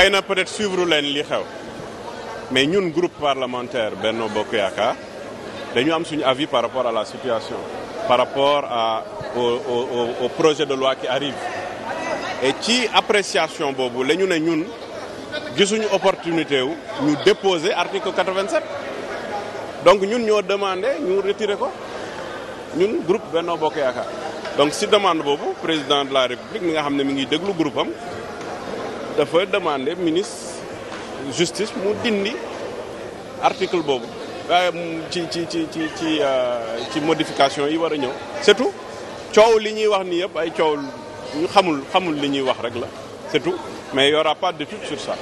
xëy na peut-être suivre leen li xew mais ñun groupe parlementaire Benno Bokk Yaakaar dañu am suñu avis par rapport à la situation par rapport à au, projet de loi qui arrive et ci appréciation boobu la ñu ne ñun gisuñu opportunité wu ñu déposer article 87 donc ñun ñoo demandé ñu retirer ko ñun groupe Benno Bokk Yaakaar donc si demande boobu président de la République mi nga xam ne mi ngi déglu groupe am dafa demander ministre justice mu dindi article boobu waaye ci ci ci ci ci euh, ci modification yi war a ñëw c'est coow li ñuy wax ni yëpp ay coow ñu xamul xamul li ñuy wax rek la c'est tout mais y aura de d'étude sur ça